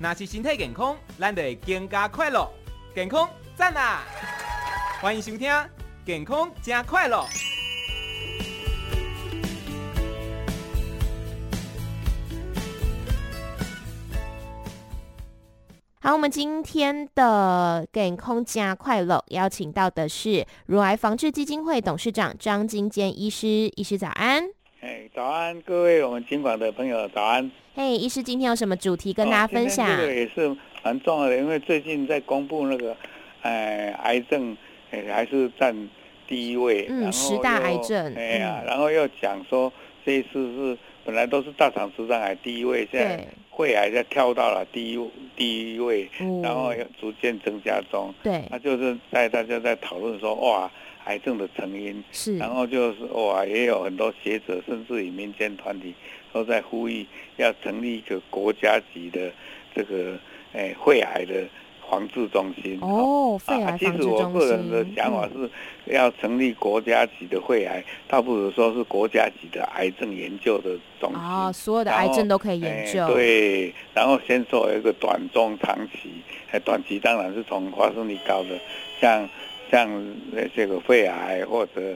那是身體健康，咱得更加快樂。健康贊啦！歡迎收聽《健康好快樂》。好，我們今天的《健康好快樂》邀請到的是乳癌防治基金會董事長張金堅醫師。醫師早安。哎，早安，各位我們今晚的朋友，早安。哎、欸，醫師，今天有什麼主題跟大家分享？對、哦，也是蠻重要的，因為最近在公布那個，呃癌症呃，還是占第一位。嗯，然後十大癌症。哎呀，嗯、然後又講說，這一次是本來都是大腸直腸癌第一位，嗯、現在肺癌在跳到了第一第一位，嗯、然後要逐漸增加中。對，那、啊、就是在大家在討論說，哇，癌症的成因是，然後就是哇，也有很多學者甚至於民間團體。都在呼籲要成立一個國家級的這個誒、欸，肺癌的防治中心哦，oh, 肺癌防治中心、啊。其實我個人的想法是要成立國家級的肺癌，倒、嗯、不如說是國家級的癌症研究的中心。啊，oh, 所有的癌症都可以研究、欸。對，然後先做一個短中長期，欸、短期當然是從發生率高的，像像那些個肺癌或者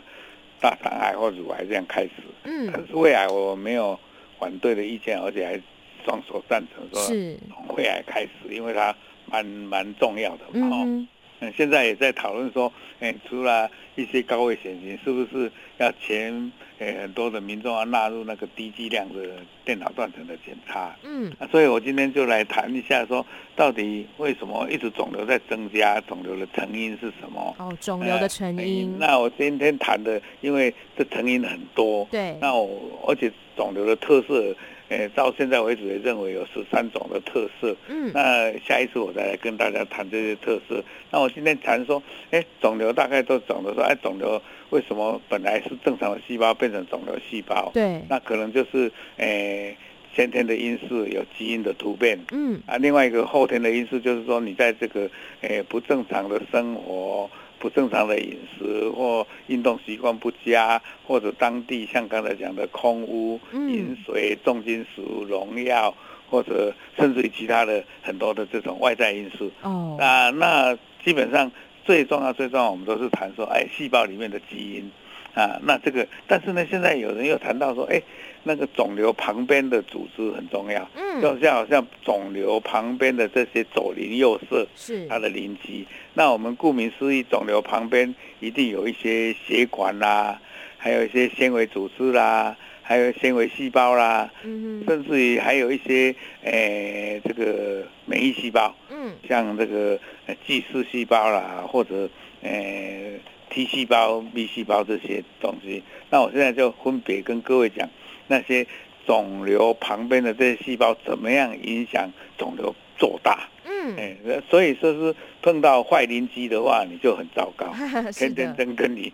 大腸癌或者乳癌這樣開始。嗯，但是胃癌我沒有。反對的意見，而且還雙手贊成說，從是會癌開始，因為它蠻蠻重要的嘛，嗯嗯嗯、現在也在討論說，哎、欸，除了一些高危險群，是不是要全，哎、欸，很多的民眾要納入那個低劑量的電腦斷層的檢查？嗯、啊，所以我今天就來談一下說，說到底為什麼一直腫瘤在增加，腫瘤的成因是什麼？哦，腫瘤的成因。嗯欸、那我今天談的，因為這成因很多。對。那我而且腫瘤的特色。欸、到現在為止也認為有十三種的特色。嗯，那下一次我再來跟大家談這些特色。那我今天談說，誒、欸，腫瘤大概都總的說，哎、欸，腫瘤為什麼本來是正常的細胞變成腫瘤細胞？對，那可能就是誒、欸、先天的因素，有基因的突變。嗯，啊，另外一個後天的因素就是說，你在這個誒、欸、不正常的生活。不正常的飲食或運動習慣不佳，或者當地像剛才講的空污、嗯、飲水、重金屬、農藥，或者甚至於其他的很多的這種外在因素。哦，啊，那基本上最重要、最重要，我們都是談說，哎，細胞裡面的基因。啊，那這個，但是呢，現在有人又談到說，哎、欸，那個腫瘤旁邊的組織很重要，嗯，就好像像腫瘤旁邊的這些左鄰右舍，是它的鄰居。那我們顧名思義，腫瘤旁邊一定有一些血管啦，還有一些纖維組織啦，還有纖維細胞啦，嗯哼，甚至於還有一些，誒、欸，這個免疫細胞，嗯，像這個巨噬細胞啦，或者，誒、欸。T 細胞、B 細胞這些東西，那我現在就分別跟各位講那些腫瘤旁邊的這些細胞怎麼樣影響腫瘤做大。嗯，哎，所以說是碰到壞鄰居的話，你就很糟糕，哈哈，天天跟跟你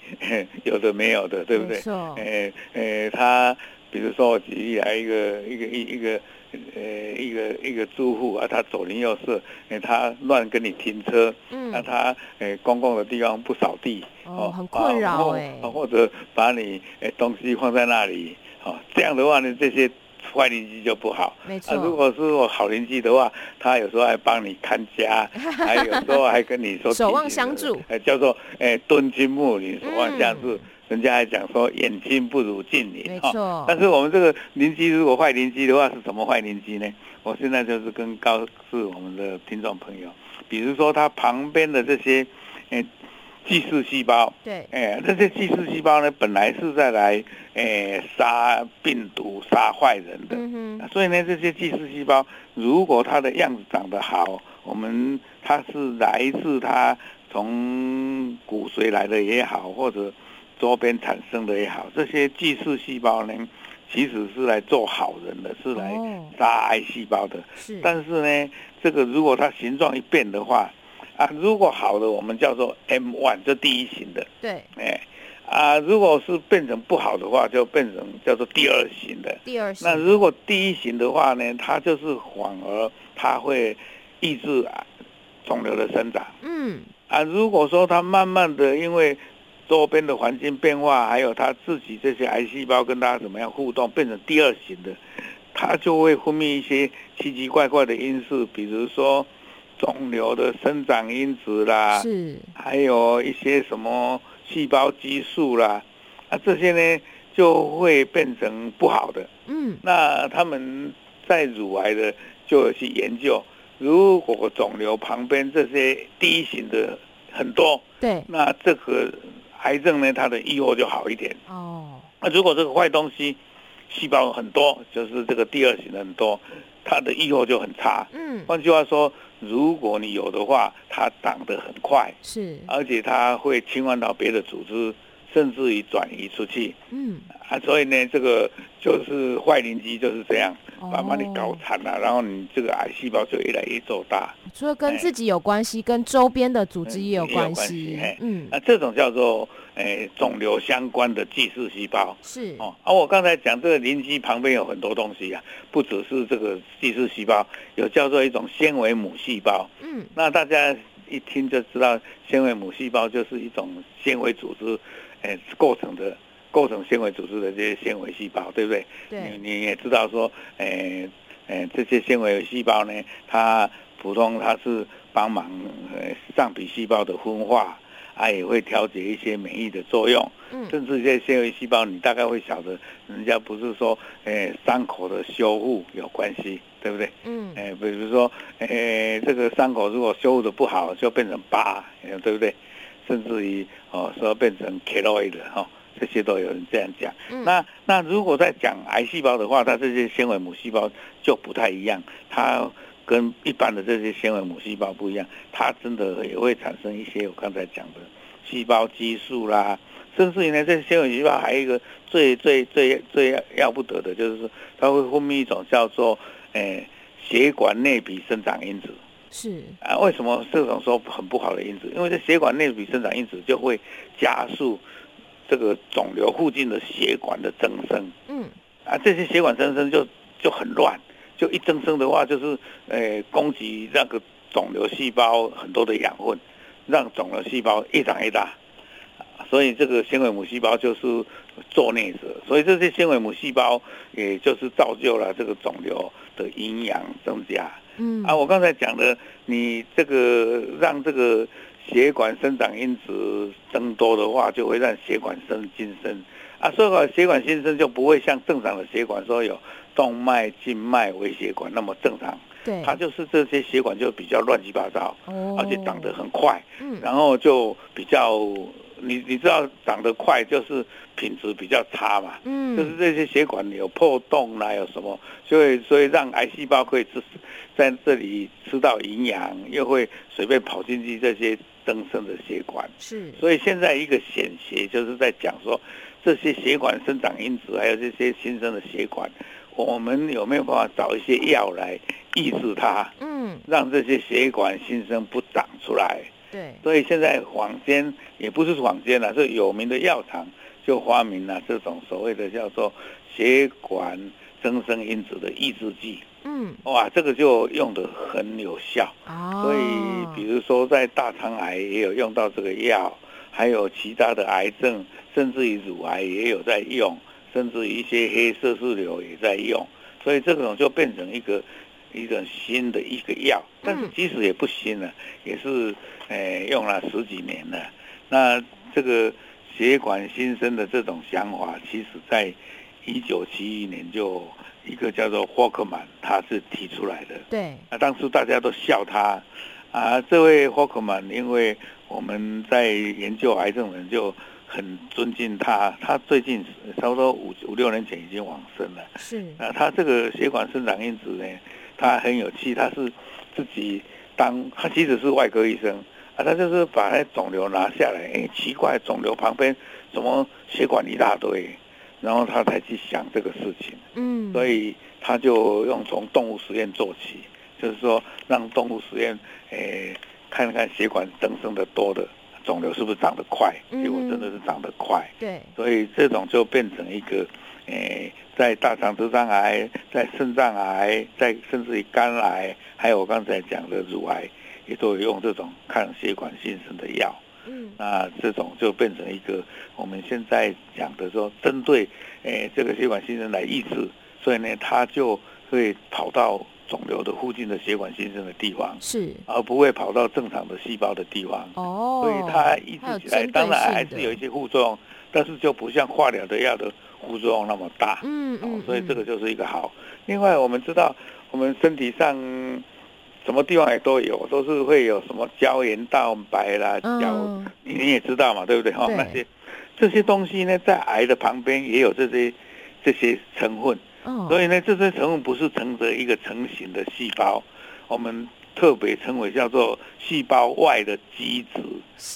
有的沒有的，對不對？沒錯受。哎哎，他比如說舉例來一個一個一一個。一個一個一個呃，一個一個住戶啊，他左鄰右舍，他、呃、亂跟你停車，那他、嗯啊、呃公共的地方不掃地，哦,哦，很困擾哎、啊。或者把你呃東西放在那裡，哦，這樣的話呢，這些壞鄰居就不好。沒錯、啊。如果是我好鄰居的話，他有時候還幫你看家，還有時候還跟你說守 望相助，呃、叫做呃敦親睦鄰，你守望相助。嗯人家還講說，遠親不如近鄰，沒錯。但是我們這個鄰居，如果壞鄰居的話，是什麼壞鄰居呢？我現在就是跟告訴我們的聽眾朋友，比如說他旁邊的這些，誒、欸，巨噬細胞，對，誒、欸，那些巨噬細胞呢，本來是在來，誒、欸，殺病毒、殺壞人的，嗯哼。所以呢，這些巨噬細胞，如果它的樣子長得好，我們它是來自它從骨髓來的也好，或者周邊產生的也好，這些巨噬細胞呢，其實是來做好人的，是來殺癌細胞的。哦、是但是呢，這個如果它形狀一變的話，啊，如果好的，我們叫做 M One，這第一型的。對、哎，啊，如果是變成不好的話，就變成叫做第二型的。第二型。那如果第一型的話呢，它就是反而它會抑制、啊、腫瘤的生長。嗯。啊，如果說它慢慢的因為。周邊的環境變化，還有他自己這些癌細胞跟大家怎麼樣互動，變成第二型的，他就會分泌一些奇奇怪怪的因素，比如說腫瘤的生長因子啦，是還有一些什麼細胞激素啦，啊，這些呢就會變成不好的。嗯，那他們在乳癌的就有去研究，如果腫瘤旁邊這些第一型的很多，對，那這個。癌症呢，它的預後就好一點哦。那，oh. 啊，如果這個壞東西，細胞很多，就是這個第二型的很多，它的預後就很差。嗯，換句話說，如果你有的話，它長得很快，是，而且它會侵犯到別的組織，甚至於轉移出去。嗯，啊，所以呢，這個就是壞鄰居就是這樣。把把你搞殘了，然後你這個癌細胞就越來越做大。除了跟自己有關係，哎、跟週邊的組織也有關係。關係嗯、哎，那這種叫做誒、哎、腫瘤相關的巨噬細胞是哦。而、啊、我剛才講這個鄰居旁邊有很多東西啊，不只是這個巨噬細胞，有叫做一種纖維母細胞。嗯，那大家一聽就知道，纖維母細胞就是一種纖維組織誒、哎、構成的。構成纖維組織的這些纖維細胞，對不對？對。你你也知道說，誒、呃，誒、呃，這些纖維細胞呢，它普通它是幫忙、呃、上皮細胞的分化，它、啊、也會調節一些免疫的作用。嗯。甚至這些纖維細胞，你大概會曉得，人家不是說，誒、呃，傷口的修復有關係，對不對？嗯。誒、呃，比如說，誒、呃，這個傷口如果修復得不好，就變成疤，對不對？甚至於哦，說變成 keloid 哈、哦。這些都有人這樣講。那那如果在講癌細胞的話，它這些纖維母細胞就不太一樣。它跟一般的這些纖維母細胞不一樣，它真的也會產生一些我剛才講的細胞激素啦。甚至於呢，這些纖維細胞還有一個最最最最,最要不得的，就是說它會分泌一種叫做誒、欸、血管內皮生長因子。是啊，為什麼這種說很不好的因子？因為這血管內皮生長因子就會加速。這個腫瘤附近的血管的增生，嗯，啊，這些血管增生就就很亂，就一增生的話，就是誒，供、呃、給那個腫瘤細胞很多的養分，讓腫瘤細胞越長越大，所以這個纖維母細胞就是作孽者，所以這些纖維母細胞也就是造就了這個腫瘤的營養增加。嗯，啊，我剛才講的，你這個讓這個。血管生長因子增多的話，就會讓血管生新生啊，所以血管新生就不會像正常的血管說有動脈、靜脈、微血管那麼正常。對，它就是這些血管就比較亂七八糟，哦、而且長得很快，嗯、然後就比較你你知道長得快就是品質比較差嘛。嗯，就是這些血管有破洞啦，有什麼所以所以讓癌細胞可以吃在這裡吃到營養，又會隨便跑進去這些。增生，生的血管是，所以現在一個顯學就是在講說，這些血管生長因子還有這些新生的血管，我們有沒有辦法找一些藥來抑制它？嗯，讓這些血管新生不長出來。對，所以現在坊間也不是坊間了，啊，是有名的藥廠就發明了這種所謂的叫做血管增生，生因子的抑制劑。嗯，哇，這個就用得很有效，所以比如說在大腸癌也有用到這個藥，還有其他的癌症，甚至於乳癌也有在用，甚至於一些黑色素瘤也在用，所以這種就變成一個一個新的一個藥，但即使也不新了，也是誒、欸、用了十幾年了。那這個血管新生的這種想法，其實，在。一九七一年，就一個叫做霍克曼，他是提出來的。對，那、啊、當時大家都笑他，啊，這位霍克曼，因為我們在研究癌症人，就很尊敬他。他最近差不多五五六年前已經往生了。是啊，他這個血管生長因子呢，他很有趣，他是自己當他其實是外科醫生啊，他就是把那腫瘤拿下來，哎，奇怪，腫瘤旁邊怎麼血管一大堆？然後他才去想這個事情，嗯，所以他就用從動物實驗做起，就是說讓動物實驗，誒、呃，看看血管增生的多的腫瘤是不是長得快，結果真的是長得快，嗯、對，所以這種就變成一個，誒、呃，在大腸直腸癌、在腎臟癌、在甚至於肝癌，還有我剛才講的乳癌，也都有用這種抗血管新生的藥。嗯，那這種就變成一個我們現在講的說針，針對誒這個血管新生來抑制，所以呢，它就會跑到腫瘤的附近的血管新生的地方，是，而不會跑到正常的細胞的地方。哦，所以它抑制誒、哎，當然還是有一些副作用，但是就不像化療的藥的副作用那麼大。嗯嗯、哦，所以這個就是一個好。嗯、另外，我們知道我們身體上。什麼地方也都有，都是會有什麼膠原蛋白啦，嗯、膠你，你也知道嘛，對不對？哈對，那些這些東西呢，在癌的旁邊也有這些這些成分。嗯、所以呢，這些成分不是成着一個成型的細胞，我們特別稱為叫做細胞外的基質，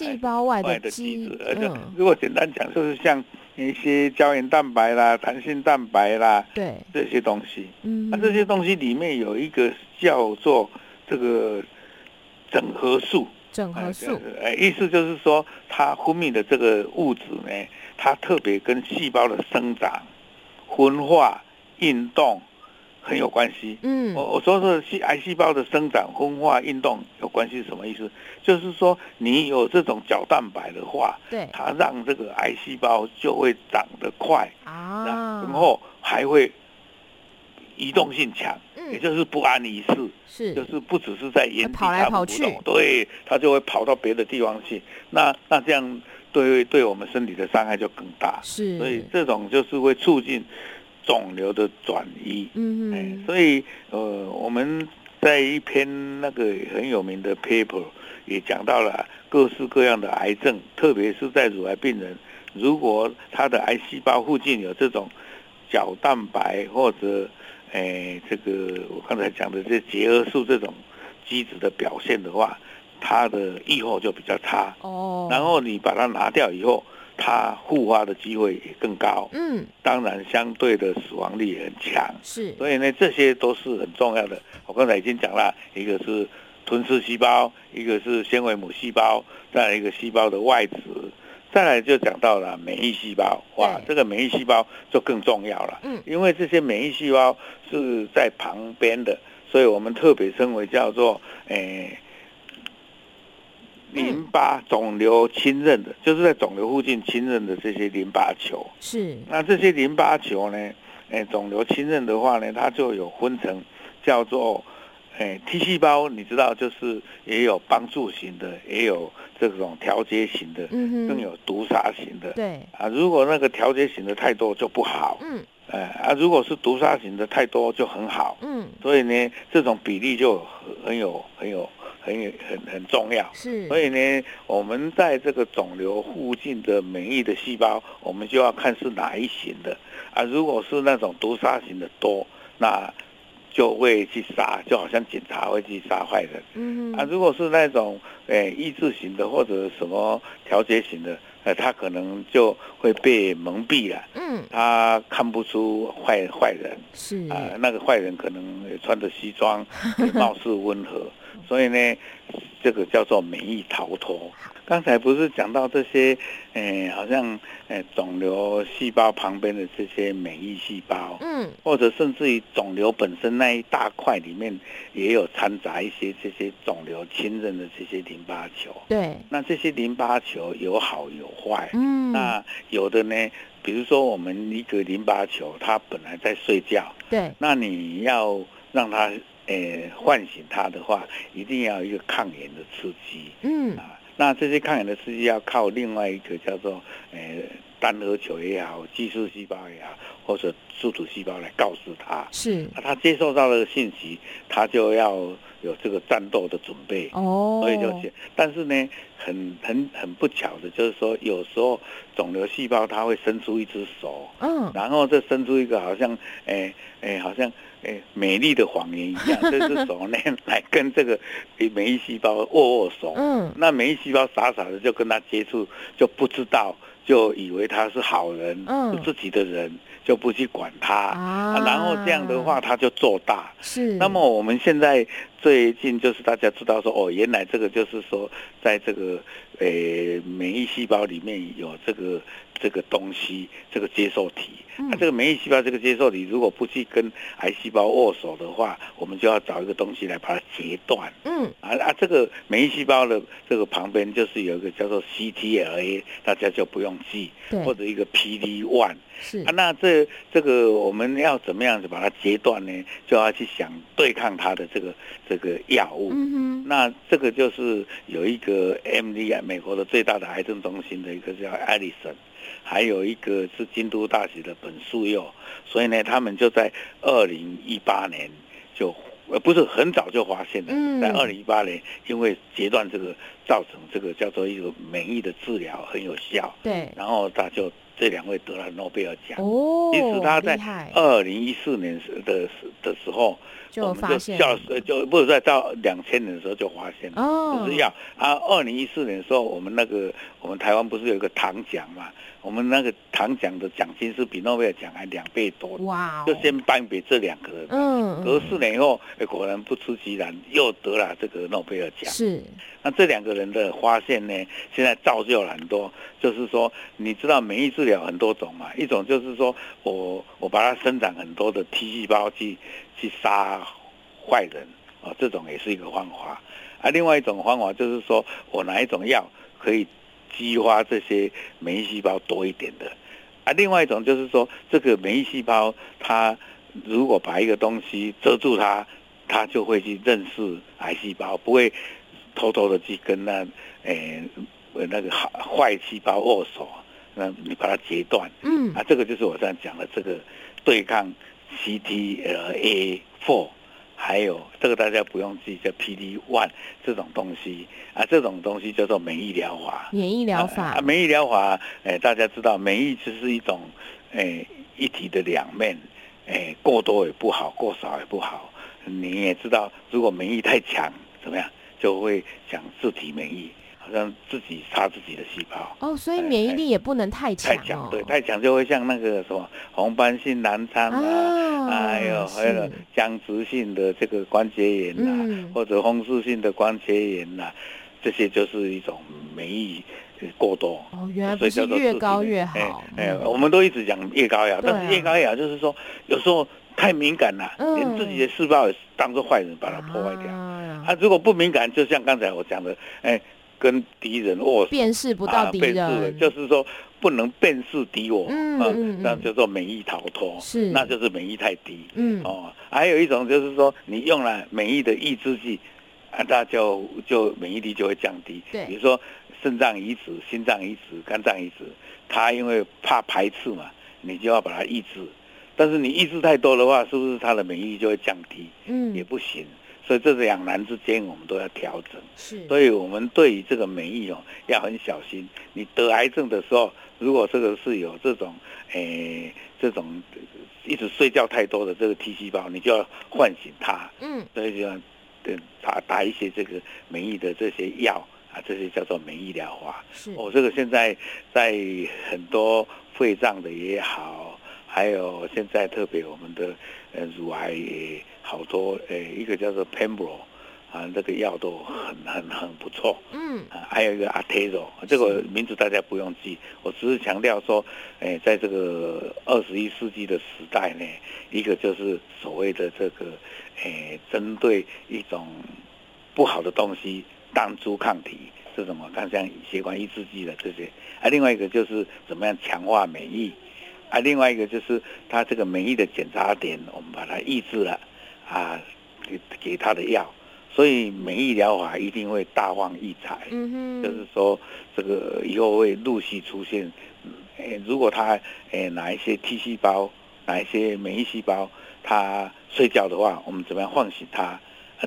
細胞外的基質，嗯、而且如果簡單講，就是像一些膠原蛋白啦、彈性蛋白啦，對，這些東西。嗯，那這些東西裡面有一個叫做。這個整合素，整合素，呃，意思就是說，它分泌的這個物質呢，它特別跟細胞的生長、分化、運動很有關係。嗯，我我說是細癌細胞的生長、分化、運動有關係，是什麼意思？就是說，你有這種角蛋白的話，對，它讓這個癌細胞就會長得快啊，然後還會。移動性強，嗯、也就是不安一事是就是不只是在原地看不動，它跑跑對，他就會跑到別的地方去。那那這樣對對我們身體的傷害就更大，是。所以這種就是會促進腫瘤的轉移。嗯嗯哼、欸。所以呃，我們在一篇那個很有名的 paper 也講到了各式各樣的癌症，特別是在乳癌病人，如果他的癌細胞附近有這種角蛋白或者哎，這個我剛才講的這結合素這種基質的表現的話，它的預後就比較差哦。然後你把它拿掉以後，它復發的機會也更高。嗯，當然相對的死亡率也很強。是，所以呢，這些都是很重要的。我剛才已經講了，一個是吞噬細胞，一個是纖維母細胞，再來一個細胞的外質再來就講到了免疫細胞，哇，對這個免疫細胞就更重要了。嗯，因為這些免疫細胞是在旁邊的，所以我們特別稱為叫做誒、欸、淋巴腫瘤浸潤的，嗯、就是在腫瘤附近浸潤的這些淋巴球。是，那這些淋巴球呢？誒、欸，腫瘤浸潤的話呢，它就有分成叫做。哎，T 細胞你知道，就是也有幫助型的，也有這種調節型的，更有毒殺型的。對啊，如果那個調節型的太多就不好。嗯，啊，如果是毒殺型的太多就很好。嗯，所以呢，這種比例就很有、很有、很有、很很、很重要。是，所以呢，我們在這個腫瘤附近的免疫的細胞，我們就要看是哪一型的。啊，如果是那種毒殺型的多，那，就會去殺，就好像警察會去殺壞人。嗯啊，如果是那種誒、欸、意志型的或者什麼調節型的，呃、啊，他可能就會被蒙蔽了。嗯，他看不出壞壞人。是啊，那個壞人可能也穿着西裝，也貌似溫和。 所以呢，這個叫做免疫逃脫。剛才不是講到這些，呃、欸、好像誒，欸、腫瘤細胞旁邊的這些免疫細胞，嗯，或者甚至於腫瘤本身那一大塊裡面，也有摻雜一些這些腫瘤親人的這些淋巴球。對，那這些淋巴球有好有壞。嗯，那有的呢，比如說我們一個淋巴球，它本來在睡覺。對，那你要讓它。誒、欸，喚醒它的話，一定要有一個抗炎的刺激，嗯啊，那這些抗炎的刺激要靠另外一個叫做誒、欸、單核球也好，巨噬細胞也好，或者宿主細胞來告訴他，是、啊，他接受到了信息，他就要有這個戰鬥的準備，哦，所以就但是呢，很很很不巧的，就是說有時候腫瘤細胞它會伸出一隻手，嗯，然後再伸出一個好像，誒、欸、誒、欸，好像。哎、欸，美麗的謊言一樣，這、就是手來來跟這個比免疫細胞握握手。嗯，那免疫細胞傻傻的就跟他接觸，就不知道，就以為他是好人，嗯，是自己的人，就不去管他。啊，啊，然後這樣的話，他就做大。是。那麼我們現在最近就是大家知道說，哦，原來這個就是說，在這個誒、欸、免疫細胞裡面有這個。這個東西，這個接受體，那、嗯啊、這個免疫細胞這個接受體，如果不去跟癌細胞握手的話，我們就要找一個東西來把它截斷。嗯啊啊，這個免疫細胞的這個旁邊就是有一個叫做 CTLA，大家就不用記，對或者一個 PD-1。是啊，那這這個我們要怎麼樣子把它截斷呢？就要去想對抗它的這個這個藥物。嗯哼，那這個就是有一個 MD 美國的最大的癌症中心的一個叫艾利森，還有一個是京都大學的本庶佑，所以呢，他們就在二零一八年就呃不是很早就發現了，嗯、在二零一八年因為截斷這個造成這個叫做一個免疫的治療很有效，對，然後他就這兩位得了諾貝爾獎，哦，因此他在二零一四年的時，厲害，的時候。發現我們就，就到就不是在到兩千年的時候就發現了，哦、就是要啊，二零一四年的時候，我們那個我們台灣不是有一個唐獎嘛？我們那個唐獎的獎金是比諾貝爾獎還兩倍多的，哇、哦！就先頒給這兩個人，嗯，隔四年以後，欸、果然不出其然，又得了這個諾貝爾獎。是，那這兩個人的發現呢，現在造就了很多，就是說，你知道免疫治療很多種嘛？一種就是說我我把它生長很多的 T 細胞去。去殺壞人啊，這種也是一個方法啊。另外一種方法就是說我拿一種藥可以激發這些免疫細胞多一點的啊？另外一種就是說，這個免疫細胞它如果把一個東西遮住它，它就會去認識癌細胞，不會偷偷的去跟那誒、欸、那個壞細胞握手。那你把它截斷，嗯啊，這個就是我這樣講的這個對抗。CTLA4，還有這個大家不用記，叫 PD1 這種東西啊，這種東西叫做免疫療法。免疫療法、啊啊，免疫療法，哎、呃，大家知道免疫就是一種，哎、呃，一體的兩面，哎、呃，過多也不好，過少也不好。你也知道，如果免疫太強，怎麼樣，就會想自體免疫。好像自己殺自己的細胞哦，所以免疫力也不能太強，哦哎，太強對，太強就會像那個什麼紅斑性狼瘡啊，還有還有僵直性的這個關節炎啊，嗯、或者風濕性的關節炎吶、啊，這些就是一種免疫過多哦，原來不是越高越好哎，哎，我們都一直講越高越好，嗯、但是越高越好就是說有時候太敏感了，嗯、連自己的細胞也當做壞人把它破壞掉啊，啊，啊，啊，它、啊、如果不敏感，就像剛才我講的，哎。跟敵人握手，辨識不到敵人、啊，就是說不能辨識敵我，嗯，啊、嗯那叫做免疫逃脫，是，那就是免疫太低，嗯，哦，還有一種就是說你用了免疫的抑制劑，啊，它就就免疫力就會降低，對，比如說腎臟移植、心臟移植、肝臟移植，它因為怕排斥嘛，你就要把它抑制，但是你抑制太多的話，是不是它的免疫力就會降低？嗯，也不行。所以這兩難之間，我們都要調整。是，所以我們對於這個免疫哦，要很小心。你得癌症的時候，如果這個是有這種誒、呃，這種一直睡覺太多的這個 T 細胞，你就要喚醒它。嗯，所以就要打打一些這個免疫的這些藥啊，這些叫做免疫療法。是，我、哦、這個現在在很多肺臟的也好。還有現在特別我們的，呃，乳癌也好多，誒，一個叫做 Pembro 啊，那個藥都很很很不錯，嗯，啊，還有一個 a t a l o，這個名字大家不用記，是我只是強調說，誒，在這個二十一世紀的時代呢，一個就是所謂的這個，誒，針對一種不好的東西，單株抗體這種啊，看像血管抑制劑的這些，啊，另外一個就是怎麼樣強化免疫。啊，另外一個就是他這個免疫的檢查點，我們把它抑制了，啊，給給他的藥，所以免疫療法一定會大放異彩。嗯嗯哼。就是說這個以後會陸續出現，誒、哎，如果他誒、哎、哪一些 T 細胞，哪一些免疫細胞，他睡覺的話，我們怎麼樣喚醒他，啊，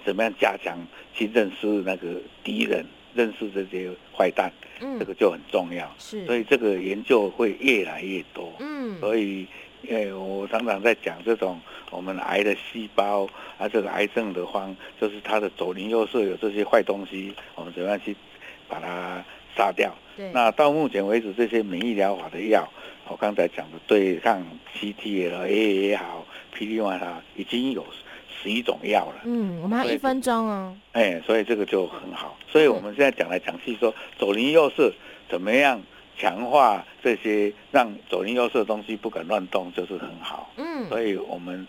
怎麼樣加強，去認識那個敵人。認識這些壞蛋，嗯，這個就很重要，嗯、是，所以這個研究會越來越多，嗯，所以誒，我常常在講這種我們癌的細胞，而、啊這個癌症的方，就是它的左鄰右舍有這些壞東西，我們怎麼樣去把它殺掉？對那到目前為止，這些免疫療法的藥，我剛才講的對抗 CTLA 也好，PD-1 好，已經有。十一種藥了，嗯，我們還一分鐘哦、啊，哎、嗯，所以這個就很好，所以我們現在講來講去說左鄰右舍怎麼樣強化這些，讓左鄰右舍的東西不敢亂動就是很好，嗯，所以我們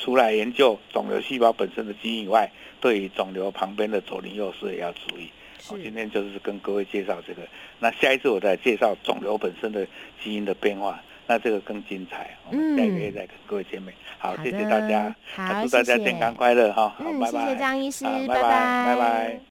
除了研究腫瘤細胞本身的基因以外，對於腫瘤旁邊的左鄰右舍也要注意。是我今天就是跟各位介紹這個，那下一次我再介紹腫瘤本身的基因的變化。那這個更精彩，我們、嗯、下個月再跟各位見面。好，好的謝謝大家，好祝大家健康快樂哈。好，拜拜。謝謝張醫師，好拜拜，拜拜。拜拜。